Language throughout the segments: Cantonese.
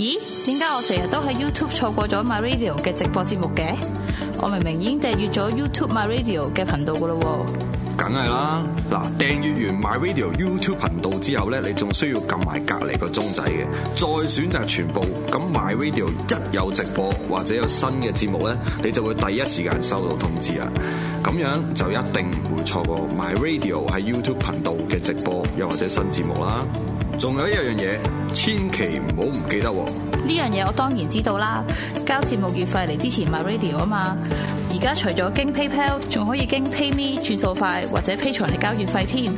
咦？點解我成日都喺 YouTube 錯過咗 My Radio 嘅直播節目嘅？我明明已經訂閱咗 YouTube My Radio 嘅頻道㗎喇喎。梗係啦，嗱訂閱完 My Radio YouTube 頻道之後咧，你仲需要撳埋隔離個鐘仔嘅，再選擇全部。咁 My Radio 一有直播或者有新嘅節目咧，你就會第一時間收到通知啦。咁樣就一定唔會錯過 My Radio 喺 YouTube 頻道嘅直播，又或者新節目啦。仲有一樣嘢，千祈唔好唔記得喎。呢樣嘢我當然知道啦，交節目月費嚟支持 My Radio 啊嘛。而家除咗經 PayPal，仲可以經 PayMe 轉數快，或者 Patreon 嚟交月費添。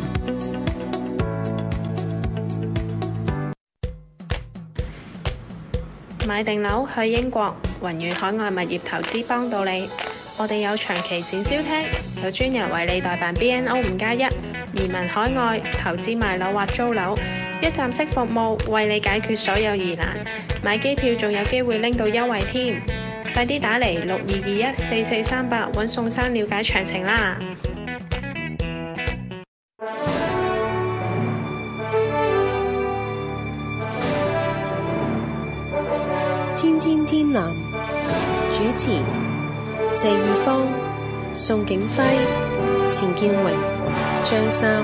買定樓去英國，雲遠海外物業投資幫到你。我哋有長期展銷廳，有專人為你代辦 BNO 五加一移民海外投資賣樓或租樓，一站式服務為你解決所有疑難。買機票仲有機會拎到優惠添，快啲打嚟六二二一四四三八揾宋生了解詳情啦！天天天藍主持。謝義方、宋景輝、錢建榮、張三，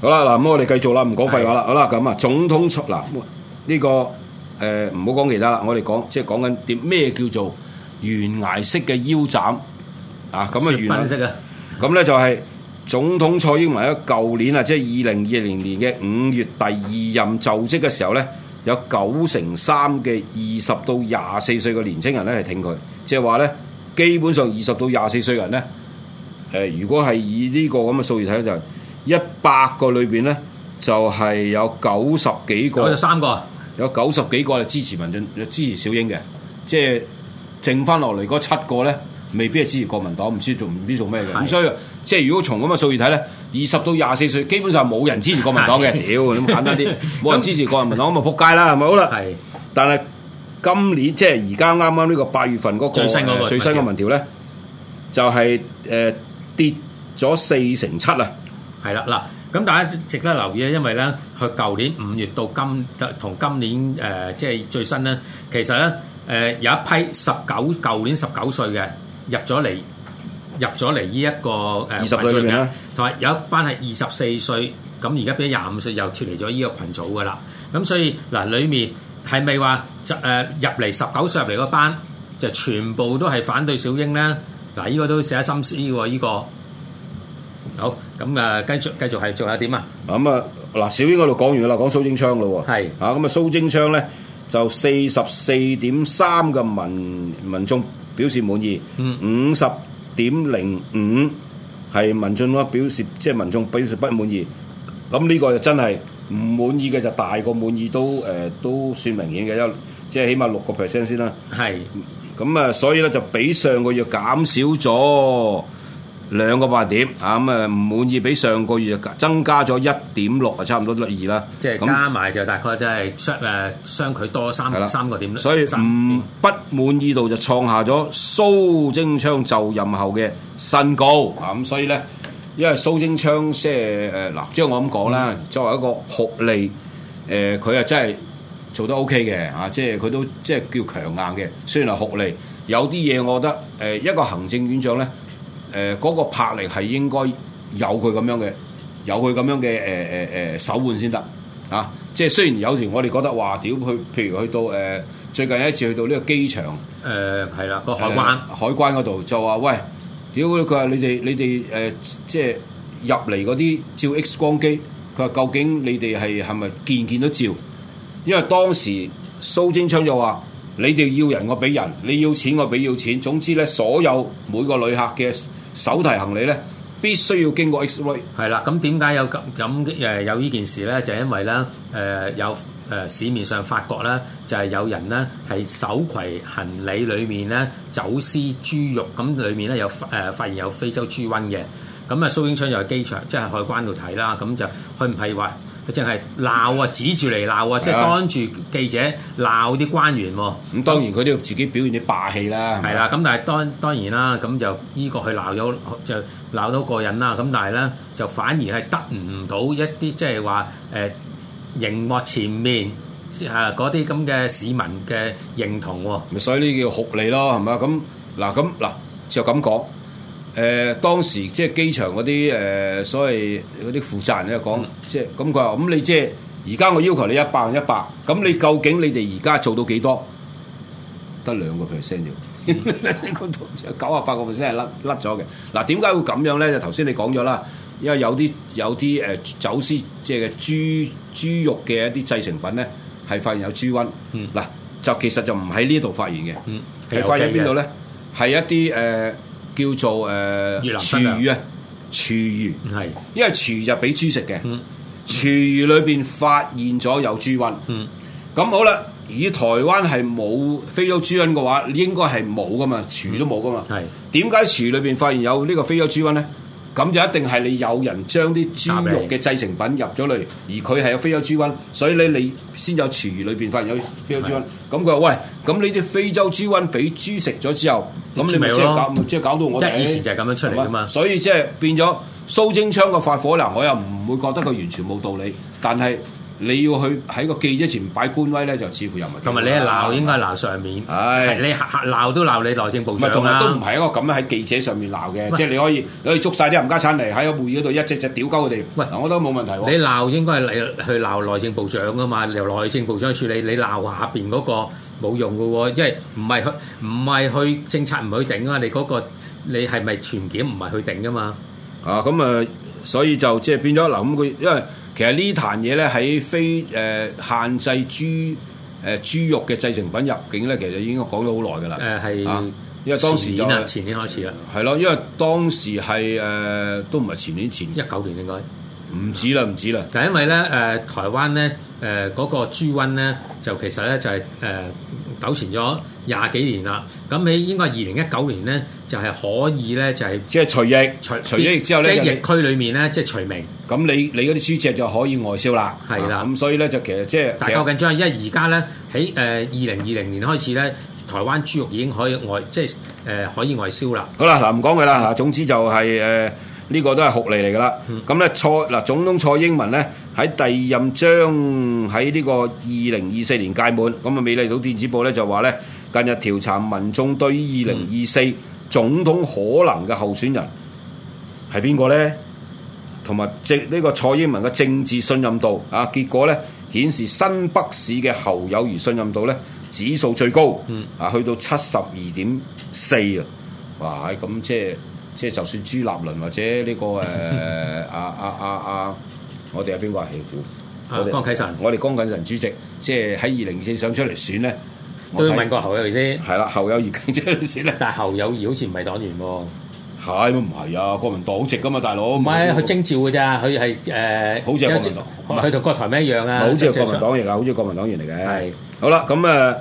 好啦，嗱，咁我哋繼續啦，唔講廢話啦，好啦，咁啊，總統出嗱呢個誒，唔好講其他啦，我哋講即係講緊啲咩叫做懸崖式嘅腰斬啊，咁啊，懸崖式嘅，咁咧就係總統蔡英文喺舊年啊，即係二零二零年嘅五月第二任就職嘅時候咧。有九成三嘅二十到廿四歲嘅年青人咧係挺佢，即係話咧，基本上二十到廿四歲嘅人咧，誒、呃，如果係以呢個咁嘅數字睇咧，就一百個裏邊咧，就係有九十幾個，有三個、啊，有九十幾個係支持民進，支持小英嘅，即係剩翻落嚟嗰七個咧。未必係支持國民黨，唔知做唔知做咩嘅。咁所以，即係如果從咁嘅數字睇咧，二十到廿四歲基本上冇人支持國民黨嘅。屌，咁簡單啲，冇 人支持國民黨咪仆街啦，係 咪好啦？係。但係今年即係而家啱啱呢個八月份嗰、那個最新嗰、那個、最新嘅民調咧，就係、是、誒、呃、跌咗四成七啊！係啦，嗱，咁大家值得留意咧，因為咧佢舊年五月到今同今年誒、呃、即係最新咧，其實咧誒、呃、有一批十九舊年十九歲嘅。入咗嚟，入咗嚟依一個誒群組二十歲嘅，同埋有一班係二十四歲，咁而家變廿五歲又脫離咗依個群組噶啦。咁所以嗱，裡面係咪話誒入嚟十九歲入嚟嗰班就全部都係反對小英咧？嗱，依個都寫心思嘅依個。好，咁誒繼續繼續係仲有點啊？咁啊嗱，小英嗰度講完啦，講蘇貞昌啦喎。係啊，咁啊蘇貞昌咧就四十四點三個民民眾，表示滿意，五十點零五係民眾表示，即係民眾表示不滿意。咁呢個就真係唔滿意嘅，就大過滿意都誒、呃，都算明顯嘅，一即係起碼六個 percent 先啦。係，咁啊，所以咧就比上個月減少咗。兩個八點啊咁誒唔滿意，比上個月就增加咗一點六啊，差唔多甩二啦。即係加埋就大概即係相誒、啊、相距多三三個點。所以唔不，不滿意度就創下咗蘇貞昌就任後嘅新高啊咁、嗯，所以咧，因為蘇貞昌即係誒嗱，即、呃、如我咁講啦，嗯、作為一個學歷誒，佢、呃、啊真係做得 OK 嘅啊，即係佢都即係、就是、叫強硬嘅。雖然係學歷，有啲嘢，我覺得誒、呃、一個行政院長咧。誒、呃，嗰、那個魄力係應該有佢咁樣嘅，有佢咁樣嘅誒誒誒手腕先得啊！即係雖然有時我哋覺得話屌佢，譬如去到誒、呃、最近一次去到呢個機場，誒係啦個海關海關嗰度就話喂，屌佢話你哋你哋誒、呃、即係入嚟嗰啲照 X 光機，佢話究竟你哋係係咪見唔見到照？因為當時蘇貞昌就話你哋要人我俾人，你要錢我俾要錢，總之咧所有每個旅客嘅。手提行李咧，必須要經過 X-ray。係啦，咁點解有咁咁誒有呢件事咧？就係、是、因為咧，誒、呃、有誒、呃、市面上發覺咧，就係、是、有人咧係手攜行李裡面咧走私豬肉，咁裡面咧有誒、呃、發現有非洲豬瘟嘅。咁啊，蘇貞昌又係機場，即係海關度睇啦，咁就佢唔係話。佢淨係鬧啊，指住嚟鬧啊，即係當住記者鬧啲官員喎。咁當然佢都要自己表現啲霸氣啦。係啦，咁但係當當然啦，咁就依個去鬧咗，就鬧到過癮啦。咁但係咧，就反而係得唔到一啲即係話誒，熒幕前面啊嗰啲咁嘅市民嘅認同喎。咪所以呢叫酷吏咯，係咪？咁嗱咁嗱，就咁講。誒、呃、當時即係機場嗰啲誒所謂嗰啲負責人咧講，即係咁佢話：咁你即係而家我要求你一百，一百，咁你究竟你哋而家做到幾多？得兩個 percent 要呢九啊八個 percent 係甩甩咗嘅。嗱，點解會咁樣咧？就頭先你講咗啦，因為有啲有啲誒、呃、走私即係豬豬肉嘅一啲製成品咧，係發現有豬瘟。嗱，就其實就唔喺呢度發現嘅，係、嗯 OK、發現喺邊度咧？係一啲誒。呃叫做誒廚餘啊，廚、呃、餘，餘因為廚餘就俾豬食嘅，廚餘裏邊發現咗有豬瘟，咁、嗯、好啦。以台灣係冇非洲豬瘟嘅話，應該係冇噶嘛，廚餘都冇噶嘛，點解廚餘裏邊發現有呢個非洲豬瘟咧？咁就一定係你有人將啲豬肉嘅製成品入咗嚟，而佢係有非洲豬瘟，所以咧你先有廚餘裏邊發現有非洲豬瘟。咁佢話：喂，咁呢啲非洲豬瘟俾豬食咗之後，咁你咪即係搞，即係搞到我。即係以前就係咁樣出嚟噶嘛。所以即係變咗蘇貞昌個發火啦，我又唔會覺得佢完全冇道理，但係。你要去喺個記者前擺官威咧，就似乎有問題。同埋你鬧，應該鬧上面。係你鬧都鬧你內政部長啦。唔係，都唔係一個咁樣喺記者上面鬧嘅，即係你可以你可以捉曬啲冚家鏟嚟喺個會議嗰度一隻隻屌鳩佢哋。喂，嗱，我都冇問題喎。你鬧應該係你去鬧內政部長噶嘛？由內政部長處理。你鬧下邊嗰個冇用噶喎，因為唔係去唔係去政策唔去定啊嘛？你嗰個你係咪全檢唔係去定噶嘛？啊，咁啊，所以就即係變咗嗱咁佢，因為。其實呢壇嘢咧喺非誒、呃、限制豬、呃、豬肉嘅製成品入境咧，其實已經講咗好耐㗎啦。誒係啊，因為當時就前年開始啦。係咯，因為當時係誒、呃、都唔係前年前一九年應該唔止啦，唔止啦。就因為咧、呃、台灣咧、呃、嗰個豬瘟咧，就其實咧就係、呃糾纏咗廿幾年啦，咁你應該係二零一九年咧，就係可以咧，就係即係除疫除除疫之後咧，即係疫區裏面咧，即係除名。咁你你嗰啲豬隻就可以外銷啦，係啦。咁所以咧就其實即係，大家好緊張，因為而家咧喺二零二零年開始咧，台灣豬肉已經可以外即係呃，可以外銷啦。好啦，嗱唔講佢啦，嗱總之就係呃呢、這個都係福利嚟㗎啦，咁咧蔡嗱總統蔡英文咧喺第二任將喺呢個二零二四年屆滿，咁啊美麗島電子報咧就話咧近日調查民眾對於二零二四總統可能嘅候選人係邊個咧，同埋政呢個蔡英文嘅政治信任度啊，結果咧顯示新北市嘅侯友宜信任度咧指數最高，啊去到七十二點四啊，哇！咁即係。即係就算朱立倫或者呢、這個誒阿阿阿阿，我哋有邊個係？我、啊、江啟臣，我哋江啟臣主席，即係喺二零四上出嚟選咧，都要問過侯友宜先。係啦，侯友宜緊出嚟選咧。但係侯友宜好似唔係黨員喎。係唔係啊？國民黨籍噶嘛，大佬。唔係佢徵召㗎咋，佢係誒。好似係國民黨，佢同國台咩一樣啊？好似係國民黨嚟㗎，好似係國民黨員嚟嘅。係。好啦，咁、嗯、誒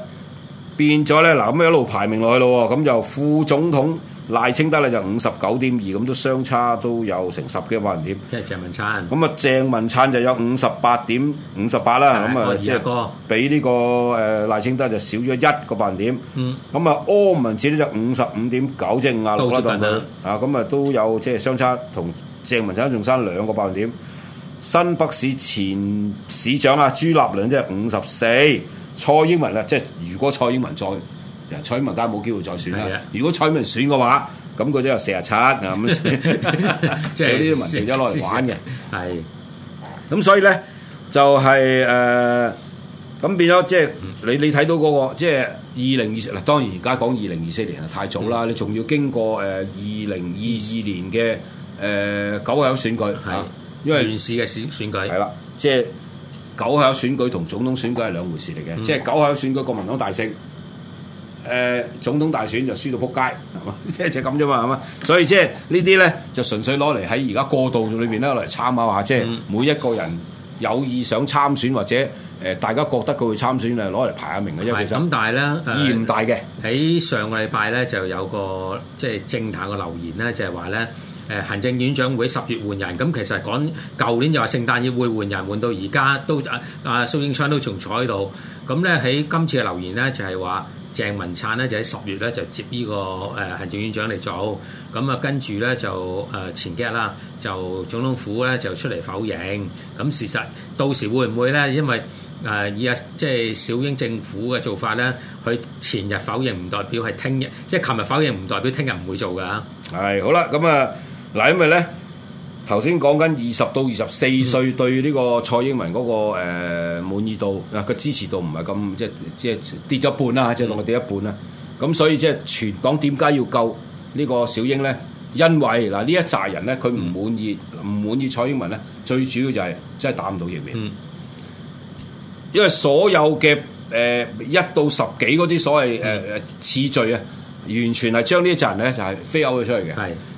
變咗咧，嗱一路排名落去咯，咁就副總統。賴清德咧就五十九點二，咁都相差都有成十幾百分點。即係鄭文燦，咁啊鄭文燦就有五十八點五十八啦，咁啊即係比呢、這個誒、呃、賴清德就少咗一個百分點。嗯，咁啊柯文哲咧就五十五點九正壓落嗰度啊，咁啊都有即係、就是、相差同鄭文燦仲差兩個百分點。新北市前市長啊朱立倫即係五十四，就是、蔡英文啊即係如果蔡英文再……人蔡英文梗係冇機會再選啦。如果蔡英文選嘅話，咁佢都有四十七，咁即係呢啲文件咗攞嚟玩嘅。係，咁所以咧就係、是、誒，咁、呃、變咗即係你你睇到嗰、那個即係二零二嗱，就是、202，當然而家講二零二四年啊，太早啦、嗯。你仲要經過誒二零二二年嘅誒九鄉選舉，係因為市選事嘅選選舉係啦，即係九鄉選舉同總統選舉係兩回事嚟嘅。即係九鄉選舉國民黨大勝。誒、呃、總統大選就輸到撲街，係嘛？即係就咁啫嘛，係嘛？所以即係呢啲咧就純粹攞嚟喺而家過渡裏邊咧攞嚟參考下，即、就、係、是、每一個人有意想參選或者誒、呃、大家覺得佢會參選啊，攞嚟排下名嘅。咁但係咧，意義唔大嘅、呃。喺上禮拜咧就有個即係政壇嘅留言咧，就係話咧誒行政院長會十月換人，咁其實講舊年就話聖誕要會換人，換到而家都阿、啊啊、蘇永昌都仲坐喺度。咁咧喺今次嘅留言咧就係、是、話。鄭文燦咧就喺十月咧就接呢個誒行政院長嚟做，咁啊跟住咧就誒前幾日啦，就總統府咧就出嚟否認，咁事實到時會唔會咧？因為誒而家即係小英政府嘅做法咧，佢前日否認唔代表係聽日，即係琴日否認唔代表聽日唔會做㗎。係好啦，咁啊嗱，因為咧。頭先講緊二十到二十四歲對呢個蔡英文嗰、那個誒滿、嗯呃、意度啊，個、呃、支持度唔係咁即係即係跌咗半啦，即係落跌一半啦。咁、嗯就是、所以即係全黨點解要救呢個小英咧？因為嗱呢一紮人咧，佢唔滿意，唔、嗯、滿意，意蔡英文咧，最主要就係真係打唔到疫苗、嗯。因為所有嘅誒、呃、一到十幾嗰啲所謂誒誒次序啊。完全係將呢一陣咧就係、是、飛歐佢出去嘅，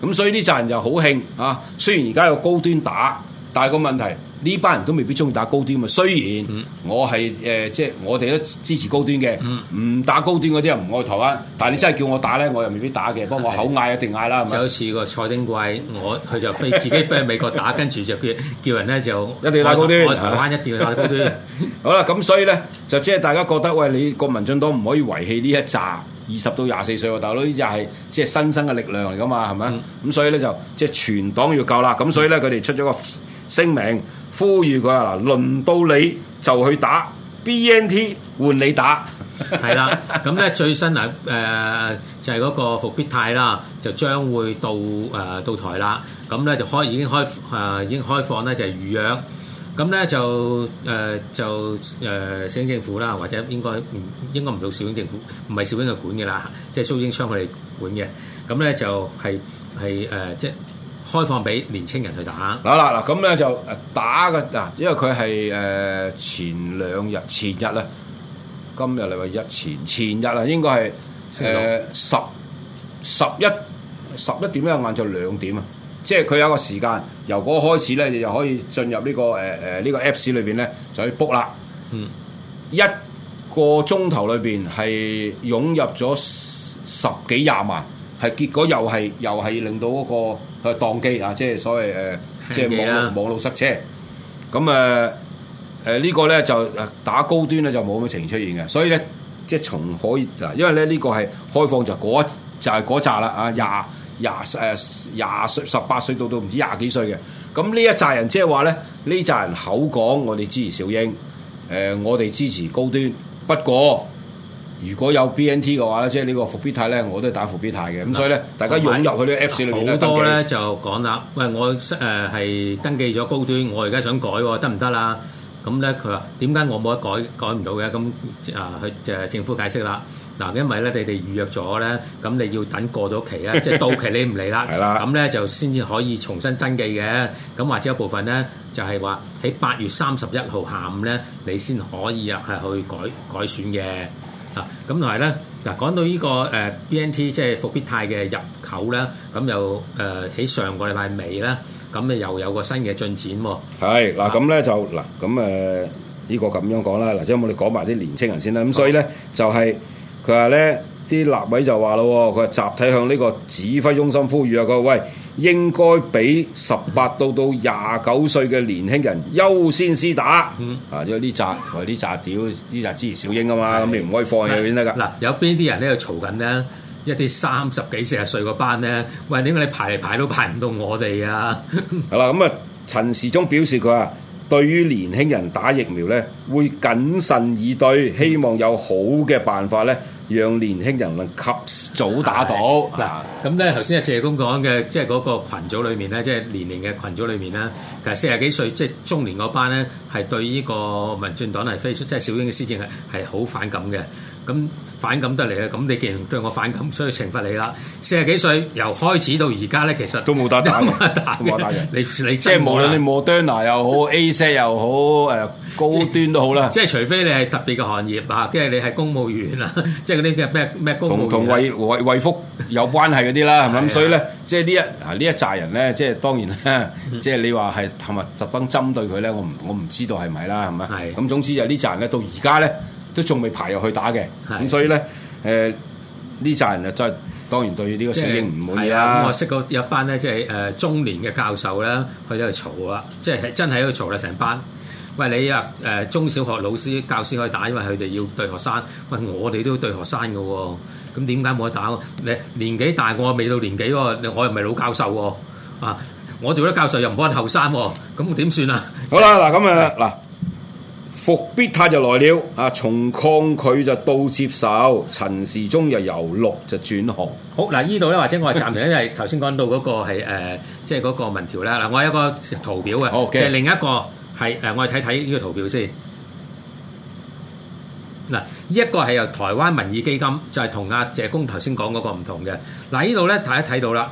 咁所以呢陣就好興啊！雖然而家有高端打，但係個問題呢班人都未必中意打高端啊。雖然我係誒即係我哋都支持高端嘅，唔、嗯、打高端嗰啲又唔愛台灣。但係你真係叫我打咧，我又未必打嘅，不過我口嗌一定嗌啦。就好似個蔡丁貴，我佢就飛自己飛去美國打，跟 住就叫人咧就一定要打高端，台灣一定要打高端。 好啦，咁所以咧就即係大家覺得喂，你國民進黨唔可以遺棄呢一陣。二十到廿四歲喎，大佬呢只係即係新生嘅力量嚟㗎嘛，係咪？咁、嗯、所以咧就即係全黨要救啦，咁所以咧佢哋出咗個聲明，呼籲佢啊，輪到你就去打 BNT 換你打、嗯 啊，係啦。咁咧最新啊誒、呃、就係、是、嗰個復必泰啦，就將會到誒、呃、到台啦。咁咧就開已經開誒、呃、已經開放咧就係預約。咁咧就誒、呃、就誒小英、呃、政府啦，或者應該唔應該唔到小英政府，唔係小英政府管嘅啦，即係蘇英昌佢哋管嘅。咁咧就係係誒即係開放俾年青人去打。嗱嗱嗱，咁咧就打嘅，嗱，因為佢係誒前兩日前日啦，今日嚟話一前前日啊，應該係誒、呃、十十一十一點一晏晝兩點啊。即係佢有個時間，由嗰開始咧，你就可以進入呢、這個誒誒呢個 Apps 裏邊咧，就去 book 啦。嗯，一個鐘頭裏邊係湧入咗十幾廿萬，係結果又係又係令到嗰、那個誒當機啊。即係所謂誒，呃、即係網路網絡塞車。咁啊誒呢個咧就誒打高端咧就冇咁嘅情形出現嘅，所以咧即係從可以嗱，因為咧呢個係開放就嗰就係嗰扎啦啊廿。20, 廿誒廿歲十八歲到到唔知廿幾歲嘅，咁呢一紮人即係話咧，呢紮人口講我哋支持小英，誒、呃、我哋支持高端。不過如果有 BNT 嘅話咧，即係呢個復必泰咧，我都係打復必泰嘅。咁、啊、所以咧，大家湧入去啲 Apps 裏邊咧，好多咧就講啦。喂，我誒係、呃、登記咗高端，我而家想改喎，得唔得啦？咁咧佢話點解我冇得改，改唔到嘅？咁啊去誒政府解釋啦。嗱，因為咧，你哋預約咗咧，咁你要等過咗期啦， 即係到期你唔嚟啦，咁 咧就先至可以重新登記嘅，咁或者一部分咧就係話喺八月三十一號下午咧，你先可以啊係去改改選嘅，啊，咁同埋咧嗱，講到呢個誒 BNT 即係復必泰嘅入口咧，咁又誒喺、呃、上個禮拜尾咧，咁誒又有個新嘅進展喎。係，嗱，咁咧就嗱，咁誒呢個咁樣講啦，嗱，即係我哋講埋啲年青人先啦，咁所以咧就係、是。佢話咧，啲立委就話咯，佢話集體向呢個指揮中心呼籲啊，佢話喂，應該俾十八到到廿九歲嘅年輕人優先施打。嗯，啊，因為呢紮，我話呢紮屌，呢紮支持小英啊嘛，咁你唔可以放嘢先得㗎。嗱、啊，有邊啲人喺度嘈緊咧？一啲三十幾、四十歲個班咧，喂，點解你排嚟排都排唔到我哋啊？係啦，咁啊，陳時中表示佢話，對於年輕人打疫苗咧，會謹慎以對，希望有好嘅辦法咧。讓年輕人能及早打倒。嗱，咁咧頭先阿謝公講嘅，即係嗰個羣組裏面咧，即係年齡嘅群組裏面咧。其實四十幾歲，即係中年嗰班咧，係對呢個民進黨係非常，即係小英嘅施政係係好反感嘅。咁反感得嚟啊！咁你既然對我反感，所以懲罰你啦。四十幾歲，由開始到而家咧，其實都冇打打打人。你你即係無論你摩登娜又好，AZ 又好、呃，高端都好啦。即係除非你係特別嘅行業啊，即係你係公務員啊，即係嗰啲咩咩咩公同同衛衛福有關係嗰啲啦，咁 所以咧，即係呢一啊呢一扎人咧，即係當然即係你話係係咪特登針對佢咧？我唔我唔知道係咪啦，係咪？咁總之有呢扎人咧，到而家咧。都仲未排入去打嘅，咁所以咧，誒呢紮人啊，真當然對呢個小英唔滿意啦。我識過一班咧，即係誒中年嘅教授咧，佢喺度嘈啊，即係真喺度嘈啦，成班。喂，你啊誒中小學老師教師，可以打，因為佢哋要對學生。喂，我哋都要對學生嘅喎，咁點解冇得打？你年紀大，我未到年紀喎，我又唔係老教授喎，啊，我做啲教授又唔係後生，咁點算啊？好啦，嗱咁誒嗱。 復必泰就來了，啊，從抗拒就到接受，陳時中又由綠就轉紅。好嗱，呢度咧或者我係暫停，因為頭先講到嗰個係誒，即係嗰個民調啦。嗱，我有一個圖表嘅，就係另一個係誒，我哋睇睇呢個圖表先。嗱，呢一個係由台灣民意基金，就係同阿謝公頭先講嗰個唔同嘅。嗱，呢度咧大家睇到啦。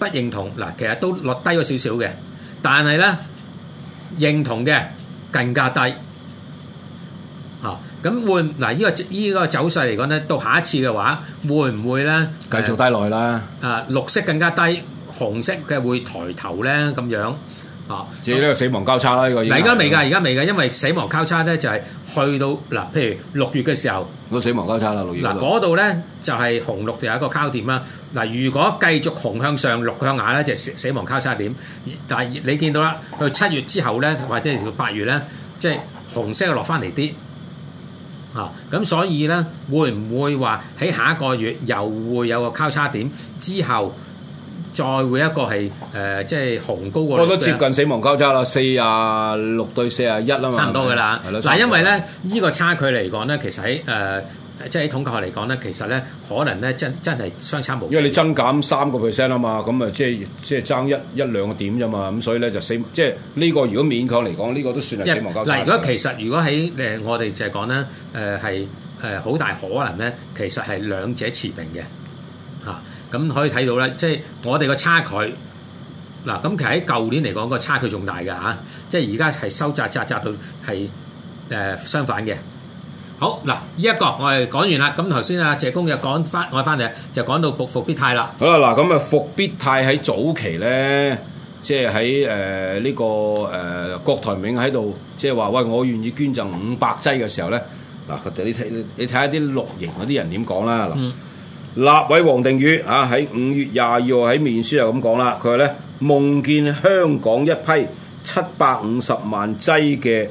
不認同嗱，其實都落低咗少少嘅，但係咧認同嘅更加低嚇。咁、啊、會嗱依、啊依個呢、依個走勢嚟講咧，到下一次嘅話，會唔會咧繼續低落去咧？啊，綠色更加低，紅色嘅會抬頭咧，咁樣。啊！至於呢個死亡交叉啦，呢個而家未㗎，而家未㗎，因為死亡交叉咧就係去到嗱，譬如六月嘅時候，嗰死亡交叉啦，六月嗱嗰度咧就係紅綠就有一個交叉點啦。嗱，如果繼續紅向上、綠向下咧，就係死亡交叉點。但係你見到啦，到七月之後咧，或者到八月咧，即係紅色落翻嚟啲啊，咁所以咧會唔會話喺下一個月又會有個交叉點之後？再會一個係誒、呃，即係紅高嗰個。我都接近死亡交叉啦，四啊六對四啊一啦嘛。差唔多噶啦。嗱，因為咧呢差、呢個差距嚟講咧，其實喺誒、呃、即係喺統計學嚟講咧，其實咧可能咧真真係相差無幾。因為你增減三個 percent 啊嘛，咁啊即係即係爭一一兩個點啫嘛，咁所以咧就死即係呢個如果勉強嚟講，呢、呢個都算係死亡交叉。嗱，如果其實如果喺誒、呃、我哋就係講咧，誒係誒好大可能咧，其實係兩者持平嘅。咁可以睇到咧，即係我哋個差距嗱，咁其實喺舊年嚟講個差距仲大㗎。即係而家係收窄窄窄到係、呃、相反嘅。好嗱，呢一個我哋講完啦。咁頭先阿謝工又講翻我翻嚟，就講到復必泰啦。好啦嗱，咁啊復必泰喺早期咧，即係喺呢個誒、呃、郭台銘喺度，即係話喂我願意捐贈五百劑嘅時候咧，嗱，你睇你睇下啲綠營嗰啲人點講啦。嗯立委王定宇啊，喺五月廿二號喺面書就咁講啦。佢話咧夢見香港一批七百五十萬劑嘅，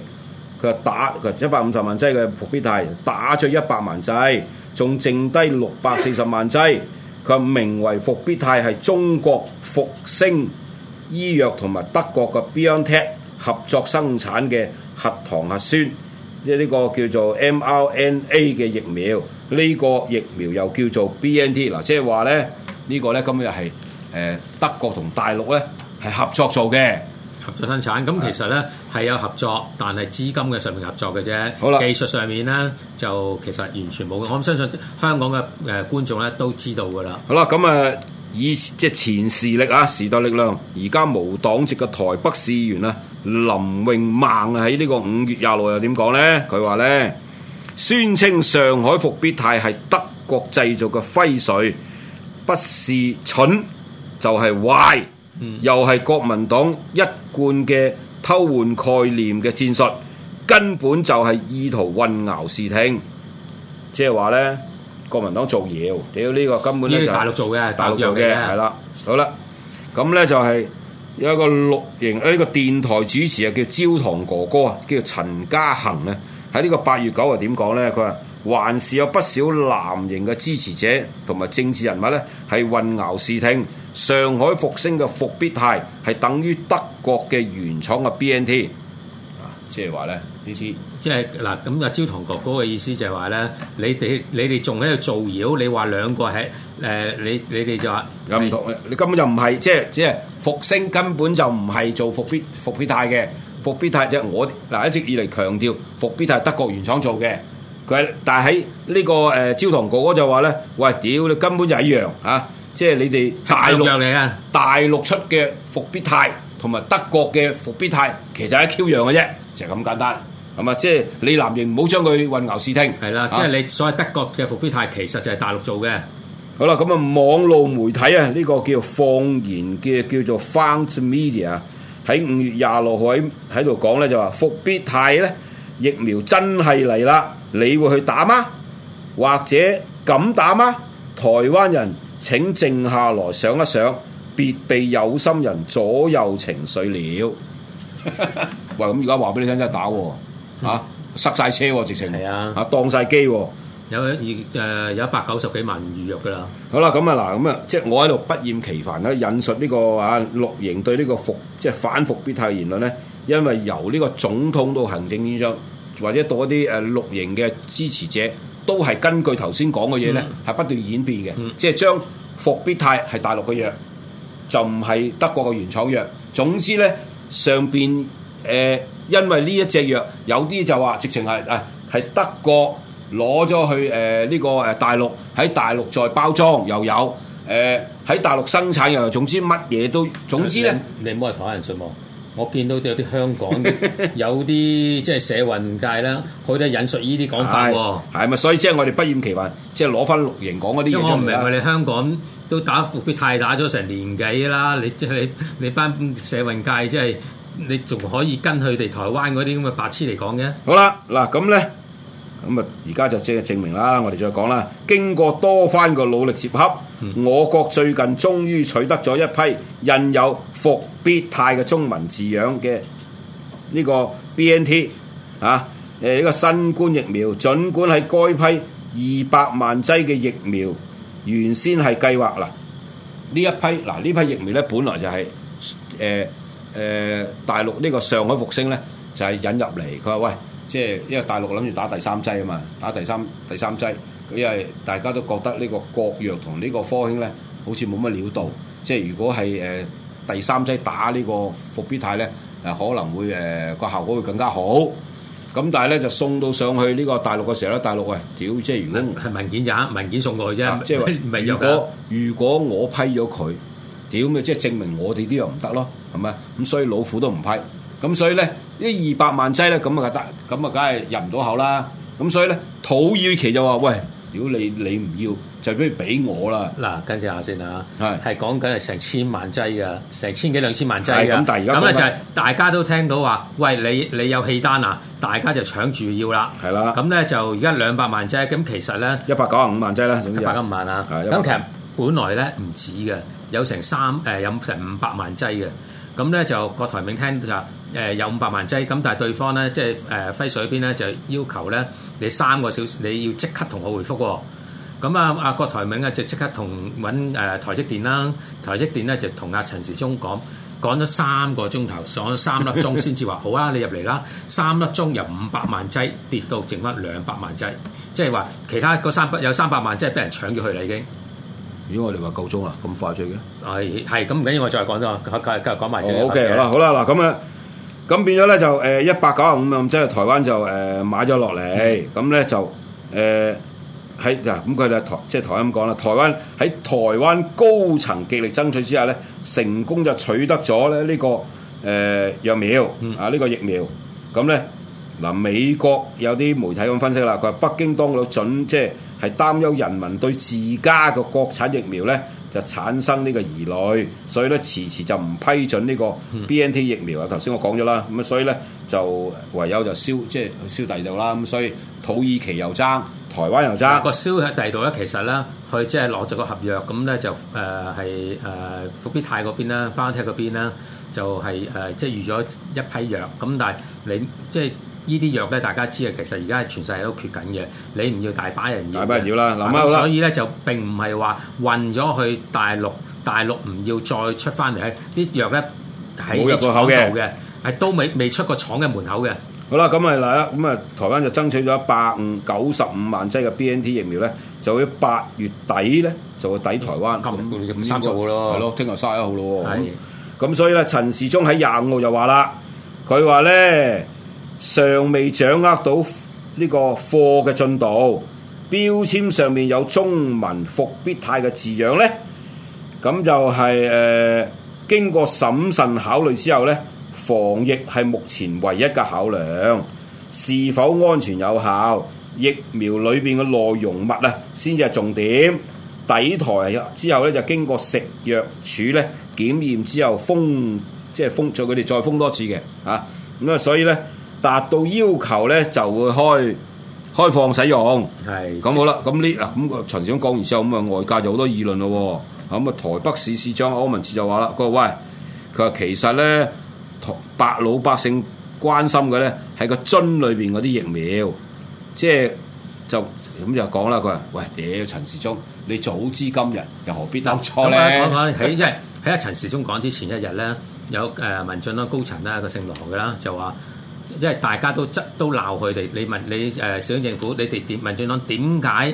佢話打佢一百五十萬劑嘅復必泰打咗一百萬劑，仲剩低六百四十萬劑。佢話名為復必泰係中國復星醫藥同埋德國嘅 BioNTech 合作生產嘅核糖核酸，即係呢個叫做 mRNA 嘅疫苗。呢、這個疫苗又叫做 BNT，嗱，即係話咧，呢個咧今日係誒德國同大陸咧係合作做嘅合作生產。咁其實咧係有合作，但係資金嘅上，上面合作嘅啫。好啦，技術上面咧就其實完全冇。我諗相信香港嘅誒、呃、觀眾咧都知道㗎啦。好啦，咁、嗯、啊以即係前時力啊時代力量而家無黨籍嘅台北市議員啊林穎孟喺呢個五月廿六又點講咧？佢話咧。宣稱上海伏必泰係德國製造嘅輝瑞，不是蠢就係、是、壞，又係國民黨一貫嘅偷換概念嘅戰術，根本就係意圖混淆視聽。即係話咧，國民黨做嘢，屌、這、呢個根本咧就係大陸做嘅，大陸做嘅係啦，好啦，咁咧就係有一個綠營，呢、這個電台主持啊，叫焦糖哥哥啊，叫陳家恒咧。喺呢個八月九啊，點講咧？佢話還是有不少藍營嘅支持者同埋政治人物咧，係混淆視聽。上海復星嘅復必泰係等於德國嘅原廠嘅 BNT 啊，即係話咧，呢次，即係嗱咁啊！焦糖哥哥嘅意思就係話咧，你哋你哋仲喺度造謠，你話兩個喺誒你你哋就話有唔同嘅，你根本就唔係，即係即係復星根本就唔係做復必復必泰嘅。伏必泰就係，我嗱一直以嚟強調伏必泰係德國原廠做嘅。佢但係喺呢個誒焦糖哥哥就話咧：喂，屌你根本就係一樣啊！即係你哋大陸大陸出嘅伏必泰同埋德國嘅伏必泰，其實係一樣嘅啫，就係咁簡單。係嘛？即係你藍營唔好將佢混淆視聽。係啦，即係你所謂德國嘅伏必泰，其實就係大陸做嘅。好啦，咁啊，網絡媒體啊，呢個叫謠言嘅叫做 False Media 啊。喺五月廿六號喺度講咧就話「伏必泰」咧疫苗真係嚟啦，你會去打嗎？或者敢打嗎？台灣人請靜下來想一想，別被有心人左右情緒了。 喂，咁而家話俾你聽真係打喎，吓、啊、塞晒車直情，吓 當晒機。有一、呃、有一百九十幾萬預約㗎啦。好啦，咁啊嗱，咁啊，即係我喺度不厭其煩咧引述呢、呢個啊綠營對呢個復即係反復必泰嘅言論咧，因為由呢個總統到行政院長，或者到一啲誒綠營嘅支持者，都係根據頭先講嘅嘢咧，係、嗯、不斷演變嘅、嗯嗯，即係將復必泰係大陸嘅藥，就唔係德國嘅原廠藥。總之咧，上邊誒、呃、因為呢一隻藥，有啲就話直情係係德國。攞咗去誒呢、呃這個誒、呃、大陸喺大陸再包裝又有，誒喺、呃、大陸生產又有，總之乜嘢都總之咧，你唔好係台灣人信望，我見到都有啲香港嘅， 有啲即係社運界啦，佢都引述呢啲講法喎，係咪？所以即係我哋不厭其煩，即係攞翻綠營講嗰啲出嚟啦。因為我唔明白你香港都打復必泰打咗成年幾啦，你即係你你班社運界即係你仲可以跟佢哋台灣嗰啲咁嘅白痴嚟講嘅？好啦，嗱咁咧。咁啊，而家就正證明啦，我哋再講啦。經過多番個努力接洽、嗯，我國最近終於取得咗一批印有復必泰嘅中文字樣嘅呢個 BNT 啊，誒呢個新冠疫苗，儘管喺該批二百萬劑嘅疫苗原先係計劃嗱，呢一批嗱呢、啊、批疫苗咧，本來就係誒誒大陸呢個上海復星咧就係、是、引入嚟，佢話喂。即係因為大陸諗住打第三劑啊嘛，打第三第三劑，因為大家都覺得呢個國藥同呢個科興咧，好似冇乜料到。即係如果係誒、呃、第三劑打呢個伏必泰咧，誒、呃、可能會誒個、呃、效果會更加好。咁但係咧就送到上去呢個大陸嘅時候咧，大陸喂，屌！即係原因係文件啫，文件送過去啫。即係話，唔係、 如果 如果我批咗佢，屌咪即係證明我哋啲藥唔得咯，係咪？咁所以老虎都唔批。咁所以咧。呢二百萬劑咧，咁啊得，咁啊梗係入唔到口啦。咁所以咧，土耳其就話：喂，如果你你唔要，就不如俾我啦。嗱，跟住下先啊，係係講緊係成千萬劑嘅、啊，成千幾兩千萬劑嘅、啊。咁咧就係大家都聽到話：喂，你你有氣單啊？大家就搶住要啦。係啦。咁咧就而家兩百萬劑，咁其實咧一百九十五萬劑啦，一百九啊五萬啊。咁其實本來咧唔止嘅，有成三誒有成五百萬劑嘅。咁咧就郭台銘聽到就。誒、呃、有五百萬劑，咁但係對方咧，即係誒揮水邊咧，就要求咧你三個小時你要即刻同我回覆喎、哦。咁啊啊郭台銘啊，銘呢就即刻同揾誒台積電啦，台積電咧就同阿陳時中講，講咗三個鐘頭，上咗三粒鐘先至話好啊，你入嚟啦。三粒鐘由五百萬劑跌到剩翻兩百萬劑，即係話其他三筆有三百萬劑係俾人搶咗去啦已經。如果我哋話夠鐘啦，咁快脆嘅？係係咁唔緊要，我再講啦，繼繼續講埋先 O K 啦，好啦嗱，咁啊。咁變咗咧就誒一百九十五萬，即係台灣就誒、呃、買咗落嚟，咁咧就誒喺嗱咁佢就，呃啊、即台即係台灣咁講啦，台灣喺台灣高層極力爭取之下咧，成功就取得咗咧呢個誒、呃、藥苗、嗯、啊呢、呢個疫苗，咁咧嗱美國有啲媒體咁分析啦，佢話北京當局準即係係擔憂人民對自家個國產疫苗咧。就產生呢個疑慮，所以咧遲遲就唔批准呢個 BNT 疫苗啊！頭、嗯、先我講咗啦，咁啊所以咧就唯有就銷即係銷第二度啦，咁所以土耳其又爭，台灣又爭。個銷喺第二度咧，其實咧，佢即係攞咗個合約，咁咧就誒係誒復必泰嗰邊啦，巴拿特嗰邊啦、就係，就係誒即係預咗一批藥，咁但係你即係。呢啲藥咧，大家知啊，其實而家係全世界都缺緊嘅。你唔要大把人要，大把人要啦。所以咧就並唔係話運咗去大陸，大陸唔要再出翻嚟咧。啲藥咧冇入過口嘅，係都未未出過廠嘅門口嘅。好啦，咁啊，嗱，咁啊，台灣就爭取咗一百五九十五萬劑嘅 B N T 疫苗咧，就會八月底咧就會抵，抵台灣就三十號咯，係咯，聽日卅一號咯。係咁，咁所以咧，陳時中喺廿五號就話啦，佢話咧。尚未掌握到呢個貨嘅進度，標籤上面有中文復必泰嘅字樣呢，咁就係、是呃、經過審慎考慮之後呢，防疫係目前唯一嘅考量，是否安全有效？疫苗裏面嘅內容物呢先至係重點。抵台之後呢就經過食藥署呢檢驗之後封，即係封咗佢哋再封多次嘅。咁啊，所以呢達到要求咧，就會開開放使用。係咁好啦。咁呢啊咁，陳時中講完之後，咁啊外界就好多議論咯。咁、嗯、啊，台北市市長柯文哲就話啦：佢話喂，佢話其實咧，白老百姓關心嘅咧，喺個樽裏邊嗰啲疫苗，即係就咁、是、就講啦。佢話喂，屌陳時中，你早知今日，又何必呢，當初咧？喺即係喺阿陳時中講之前一日咧，有誒民進黨高層啦，個姓羅嘅啦，就話。因為大家都質都鬧佢哋，你問你誒，小英政府，你哋點民進黨點解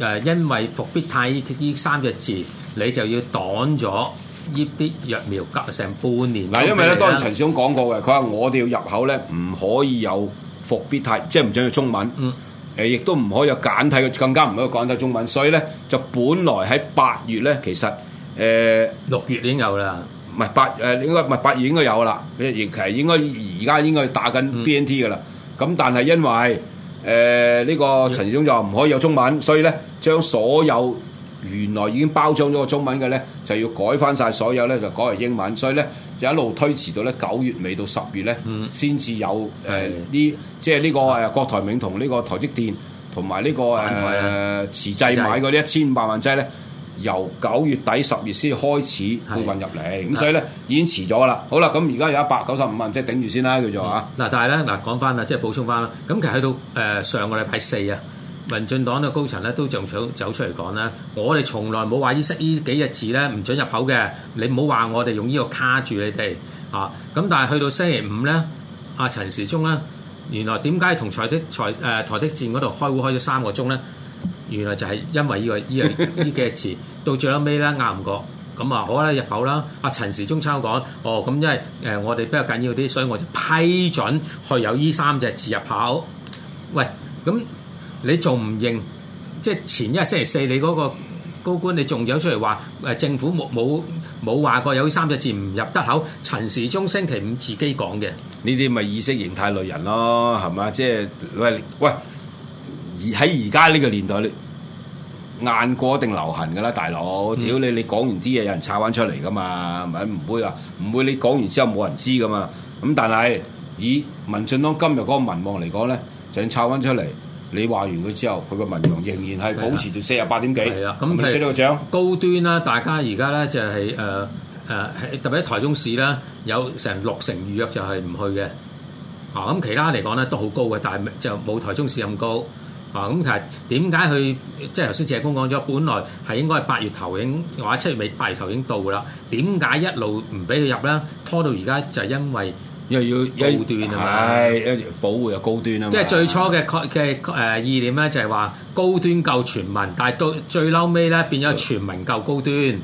誒？因為復必泰呢三隻字，你就要擋咗呢啲藥苗，隔成半年。嗱，因為咧，當陳小英講過嘅，佢話我哋要入口咧唔可以有復必泰，即係唔準用中文。嗯。誒，亦都唔可以有簡體，更加唔可以講到中文。所以咧，就本來喺八月咧，其實誒六月已經有啦。唔係八誒應該唔係八月應該有啦，其實應該而家應該打緊 BNT 嘅啦。咁、嗯、但係因為誒呢、呃呢個陳時中就話唔可以有中文，所以咧將所有原來已經包裝咗個中文嘅咧，就要改翻晒所有咧就改為英文。所以咧一路推遲到咧九月尾到十月咧，先至有誒呢，嗯呃、即係呢、呢個誒、呃、郭台銘同呢個台積電同埋呢個誒持、呃、制買嗰啲一千五百萬隻咧。由九月底十月先開始供運入嚟，咁所以咧已經遲咗啦。好啦，咁而家有一百九十五萬，即係頂住先啦，叫做啊。嗱、嗯，但係咧，嗱，講翻啦，即係補充翻啦。咁其實去到誒、呃、上個禮拜四啊，民進黨嘅高層咧都仲想走出嚟講咧，我哋從來冇話依室呢幾日字咧唔准入口嘅，你唔好話我哋用呢個卡住你哋啊。咁但係去到星期五咧，阿、啊、陳時忠咧，原來點解同台的台誒、呃、台的戰嗰度開會開咗三個鐘咧？原來就係因為呢、這個呢樣呢幾隻字，到最後尾咧拗唔過，咁啊好啦入口啦。阿、啊、陳時中親講：哦，咁、嗯、因為誒、呃、我哋比較緊要啲，所以我就批准去有呢三隻字入口。喂，咁你仲唔認？即係前一星期四你嗰個高官，你仲走出嚟話誒政府冇冇冇話過有呢三隻字唔入得口？陳時中星期五自己講嘅，呢啲咪意識形態累人咯，係嘛？即係喂喂。喂而喺而家呢個年代，你硬過一定流行噶啦，大佬。屌、嗯、你！你講完啲嘢，有人抄翻出嚟噶嘛？唔會啊，唔會你講完之後冇人知噶嘛？咁但係，以民進黨今日嗰個民望嚟講咧，就係抄翻出嚟。你話完佢之後，佢個民望仍然係保持到四十八點幾。係啦、啊，咁即係高端啦。大家而家咧就係誒誒，特別喺台中市啦，有成六成預約就係唔去嘅。啊，咁其他嚟講咧都好高嘅，但係就冇台中市咁高。啊、哦，咁其實點解佢即係頭先謝公講咗，本來係應該係八月頭已經，或者七月尾八月頭已經到啦。點解一路唔俾佢入咧？拖到而家就係因為又要高端係，保護又高端啊嘛。即係最初嘅確嘅誒意念咧，就係話高端夠全民，但係到最嬲尾咧，變咗全民夠高端。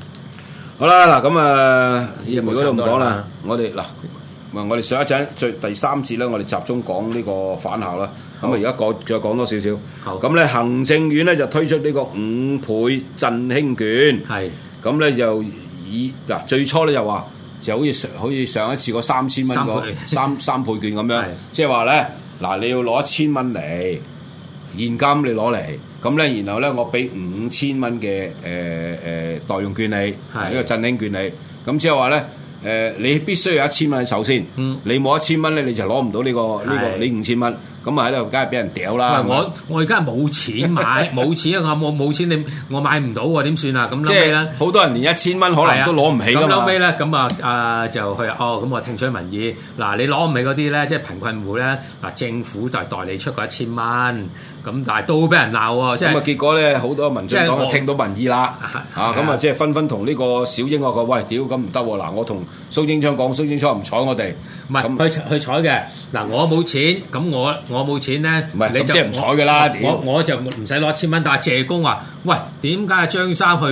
好啦，嗱咁啊，業務嗰度唔講啦。我哋嗱，唔我哋上一陣最第三次咧，我哋集中講呢個返校啦。咁啊，而家講再講多少少，咁咧行政院咧就推出呢個五倍振興券，係咁咧就以嗱最初咧就話就好似上好似上一次個三千蚊個三倍三,三倍券咁樣，即係話咧嗱你要攞一千蚊嚟現金，你攞嚟咁咧，然後咧我俾五千蚊嘅誒誒代用券你，呢個振興券你，咁即係話咧誒你必須要一千蚊首先，嗯，你冇一千蚊咧你就攞唔到呢個呢個呢五千蚊。咁啊喺度，梗係俾人屌啦！我我而家冇錢買，冇 錢啊！我冇錢，你我買唔到喎，點算啊？咁即係咧，好、就是、多人連一千蚊可能都攞唔起咁、啊。後尾咧，咁啊啊就去哦，咁我聽取民意。嗱，你攞唔起嗰啲咧，即係貧困戶咧。嗱，政府就代你出個一千蚊。咁但係都俾人鬧喎。咁、就、啊、是，結果咧，好多民眾講，聽到民意啦、就是、啊，咁啊，即係紛紛同呢個小英話：，個喂，屌，咁唔得喎！嗱，我同蘇貞昌講，蘇貞昌唔睬我哋。唔係佢佢睬嘅。嗱，我冇錢，咁我。我冇錢咧，唔係咁即係唔睬嘅啦。我我就唔使攞一千蚊，但係謝公話：，喂，點解阿張三去，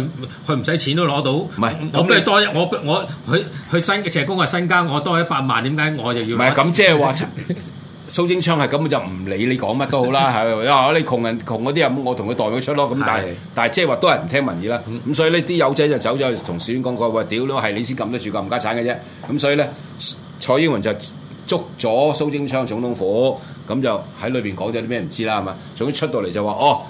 佢唔使錢都攞到？唔係，我咪多一我我佢佢身謝公嘅身家，我多一百萬，點解我就要？唔係咁，即係話蘇貞昌係根本就唔理你講乜都好啦。係啊，你窮人窮嗰啲啊，我同佢代佢出咯。咁但係但係即係話都係唔聽民意啦。咁所以咧，啲友仔就走咗去，同小英講：，喂：，屌咯，係你先撳得住個唔加產嘅啫。咁所以咧，蔡英文就捉咗蘇貞昌總統府。咁就喺裏邊講咗啲咩唔知啦，係嘛？總之出到嚟就話哦，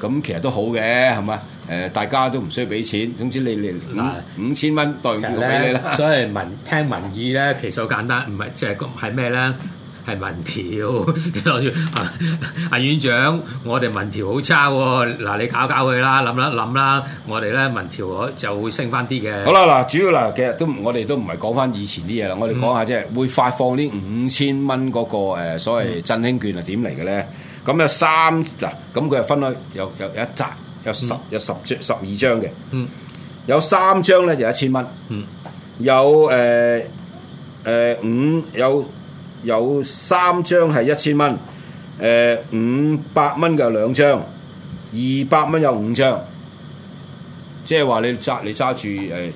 咁其實都好嘅，係嘛？誒，大家都唔需要俾錢，總之你你五,五千蚊代五個俾你啦。所以民聽民意咧， 其實好簡單，唔係即係講係咩咧？就是是係民調攞住啊，阿院長，我哋民調好差喎。嗱，你搞搞佢啦，諗一諗啦，我哋咧民調就會升翻啲嘅。好啦，嗱，主要嗱，其實都我哋都唔係講翻以前啲嘢啦，我哋講下即係會發放呢五千蚊嗰個誒所謂振興券係點嚟嘅咧？咁有三嗱，咁佢係分開有有有一集有十有十張十二張嘅，有三張咧就一千蚊，有誒誒五有。有三張係一千蚊，誒五百蚊嘅兩張，二百蚊有五張，即係話你揸你揸住誒，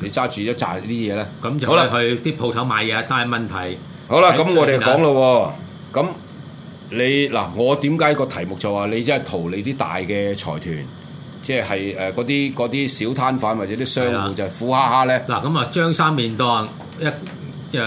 你揸住、欸、一紮啲嘢咧。咁就可能去啲鋪頭買嘢，但係問題好啦，咁我哋講咯喎。咁你嗱，我點解個題目就話你真係圖你啲大嘅財團，即係誒嗰啲啲小攤販或者啲商戶就係苦哈哈咧。嗱咁、嗯、啊，張三麵當一。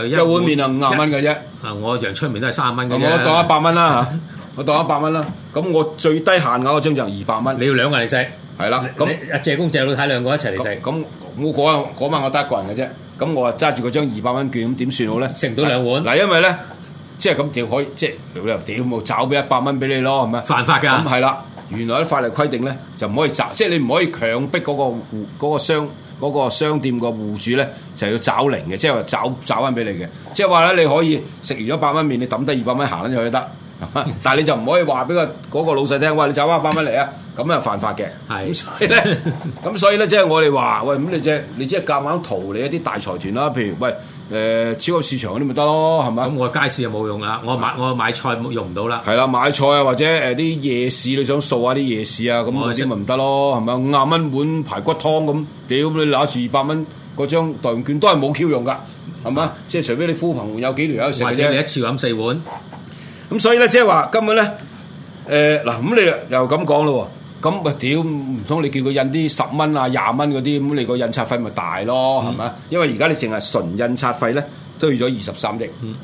一碗麵啊，五十蚊嘅啫。啊，我陽春麵都係三十蚊嘅。我當， 我當一百蚊啦嚇，我當一百蚊啦。咁我最低限額嗰張就二百蚊。你要兩個人嚟食。係啦。咁阿謝公謝老太兩個一齊嚟食。咁我嗰日晚我得一個人嘅啫。咁我啊揸住嗰張二百蚊券，咁點算好咧？食唔到兩碗嗱，因為咧即係咁，你可以即係屌，冇找俾一百蚊俾你咯，係咪？犯法㗎。咁係啦，原來啲法律規定咧，就唔可以找，即係你唔可以強逼嗰個嗰個商。嗰、那個商店個戶主咧就要找零嘅，即係話找找翻俾你嘅，即係話咧你可以食完咗百蚊麵，你抌低二百蚊行翻出去都得， 但你就唔可以話俾個嗰個老細聽， 喂，你找翻百蚊嚟啊，咁啊犯法嘅。咁所以咧，即係我哋話，喂，咁你即係你即係夾硬圖你一啲大財團啦，譬如喂。誒，超級市場嗰啲咪得咯，係咪？咁我街市又冇用啦，我買我買菜用唔到啦。係啦，買菜啊，或者誒啲、呃、夜市，你想掃下啲夜市啊，咁嗰啲咪唔得咯，係咪？五廿蚊碗排骨湯咁，屌你拿，攞住二百蚊嗰張代用券都係冇 Q 用噶，係嘛？即係除非你呼朋喚友有幾條友食嘅啫。或者你一次飲四碗，咁所以咧即係話，根本咧誒，嗱咁、呃、你又咁講咯。咁啊！屌唔通你叫佢印啲十蚊啊、廿蚊嗰啲咁，你個印刷費咪大咯？係咪啊？嗯、因為而家你淨係純印刷費咧，都要咗二十三億。嗯。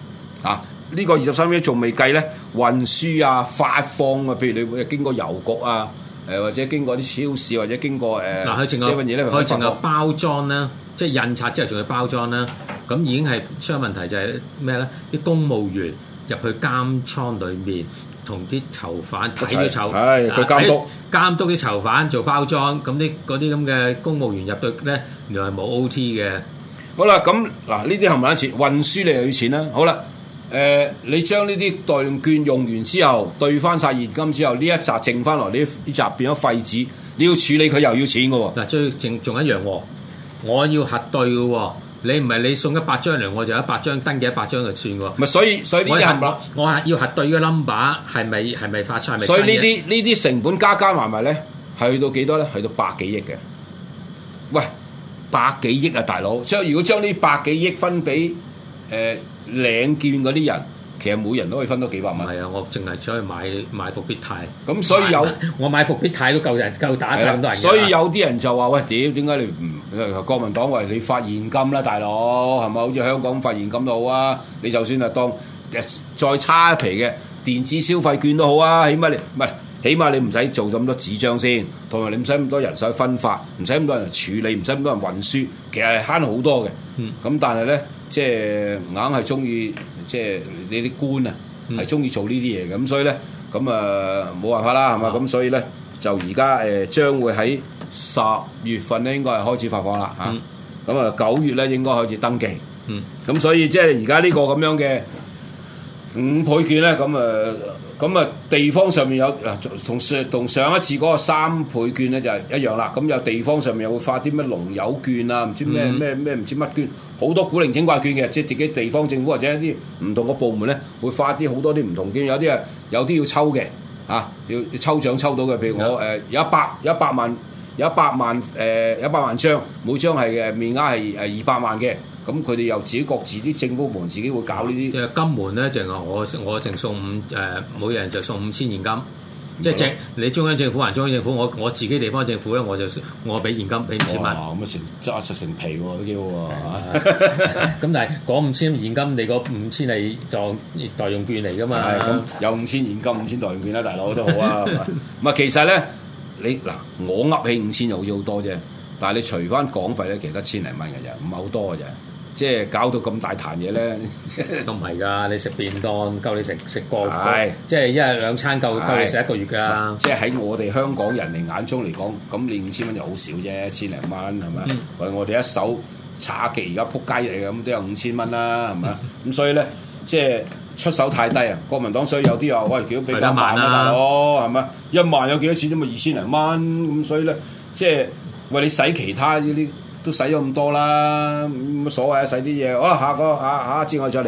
啊！這個、呢個二十三億仲未計咧，運輸啊、發放啊，譬如你會經過郵局啊，誒、呃、或者經過啲超市或者經過誒嗱，佢仲有佢仲有包裝啦，即係印刷之後仲要包裝啦。咁已經係出問題就，就係咩咧？啲公務員入去監倉裡面。同啲囚犯睇咗囚犯，就是、監督監督啲囚犯做包裝，咁啲啲咁嘅公務員入到咧，原來係冇 O T 嘅。好啦，咁嗱呢啲係咪一錢？運輸你又要錢啦。好啦，誒、呃、你將呢啲代用券用完之後，兌翻晒現金之後，呢一集剩翻落嚟，呢一集變咗廢紙，你要處理佢又要錢嘅喎。嗱，最剩仲一樣，我要核對嘅喎。你唔係你送一百張嚟，我就一百張登記一百張就算喎。咪所以所以呢啲，我係要核對依個 number 係咪係咪發出係咪。所以呢啲呢啲成本加加埋埋咧，係去到幾多咧？去到百幾億嘅。喂，百幾億啊，大佬！所以如果將呢百幾億分俾誒、呃、領券嗰啲人。其實每人都可以分多幾百萬。係啊，我淨係想去買買復必泰。咁所以有我買復必泰都夠人夠打曬咁多人，啊。所以有啲人就話喂，點點解你唔國民黨為你發現金啦，大佬係咪？好似香港發現金都好啊。你就算係，當再差一皮嘅電子消費券都好啊。起碼你唔係起碼你唔使做咁多紙張先，同埋你唔使咁多人手去分發，唔使咁多人處理，唔使咁多人運輸，其實係慳好多嘅。咁、嗯、但係咧，即係硬係中意。即係你啲官啊，係中意做呢啲嘢嘅，咁所以咧，咁啊冇辦法啦，係嘛？咁、嗯、所以咧，就而家誒將會喺十月份咧，應該係開始發放啦嚇。咁、嗯、啊，九月咧應該開始登記。咁、嗯、所以即係而家呢個咁樣嘅五倍券咧，咁啊咁啊，地方上面有、呃、同上同上一次嗰個三倍券咧就係一樣啦。咁有地方上面又會發啲咩農友券啊，唔知咩咩咩唔知乜券。好多古靈精怪券嘅，即係自己地方政府或者一啲唔同嘅部門咧，會發啲好多啲唔同嘅券。有啲啊有啲要抽嘅，啊要要抽獎抽到嘅，譬如我誒有一百有一百萬有一百萬誒一百萬張，每張係誒面額係誒二百萬嘅，咁佢哋又自己各自啲政府部門自己會搞呢啲。即係金門咧，淨係我我淨送五誒、呃，每人就送五千現金。即係政，你中央政府還中央政府，我我自己地方政府咧，我就我俾現金俾五千萬。咁啊成揸實成皮喎，都幾好喎。咁 但係講五千現金，你個五千係就代用券嚟㗎嘛。有五千現金、五千代用券啦，大佬都好啊。咁係 其實咧，你嗱我呃起五千就好似好多啫，但係你除翻港幣咧，其實得千零蚊嘅啫，唔係好多嘅啫。即係搞到咁大壇嘢咧，都唔係噶。你食便當夠你食食過，即係一日兩餐夠夠你食一個月噶、啊。即係喺我哋香港人嚟眼中嚟講，咁你五千蚊就好少啫，一千零蚊係咪？喂，嗯、我哋一手炒棋而家撲街嚟嘅咁，都有五千蚊啦，係咪？咁、嗯、所以咧，即係出手太低啊！國民黨所以有啲話，喂，幾多俾翻萬啊，大佬係咪？一萬有幾多錢啫嘛？二千零蚊咁，嗯、所以咧，即係喂，你使其他呢啲。都使咗咁多啦，冇所謂啊！使啲嘢，哇！下個下下節我再嚟。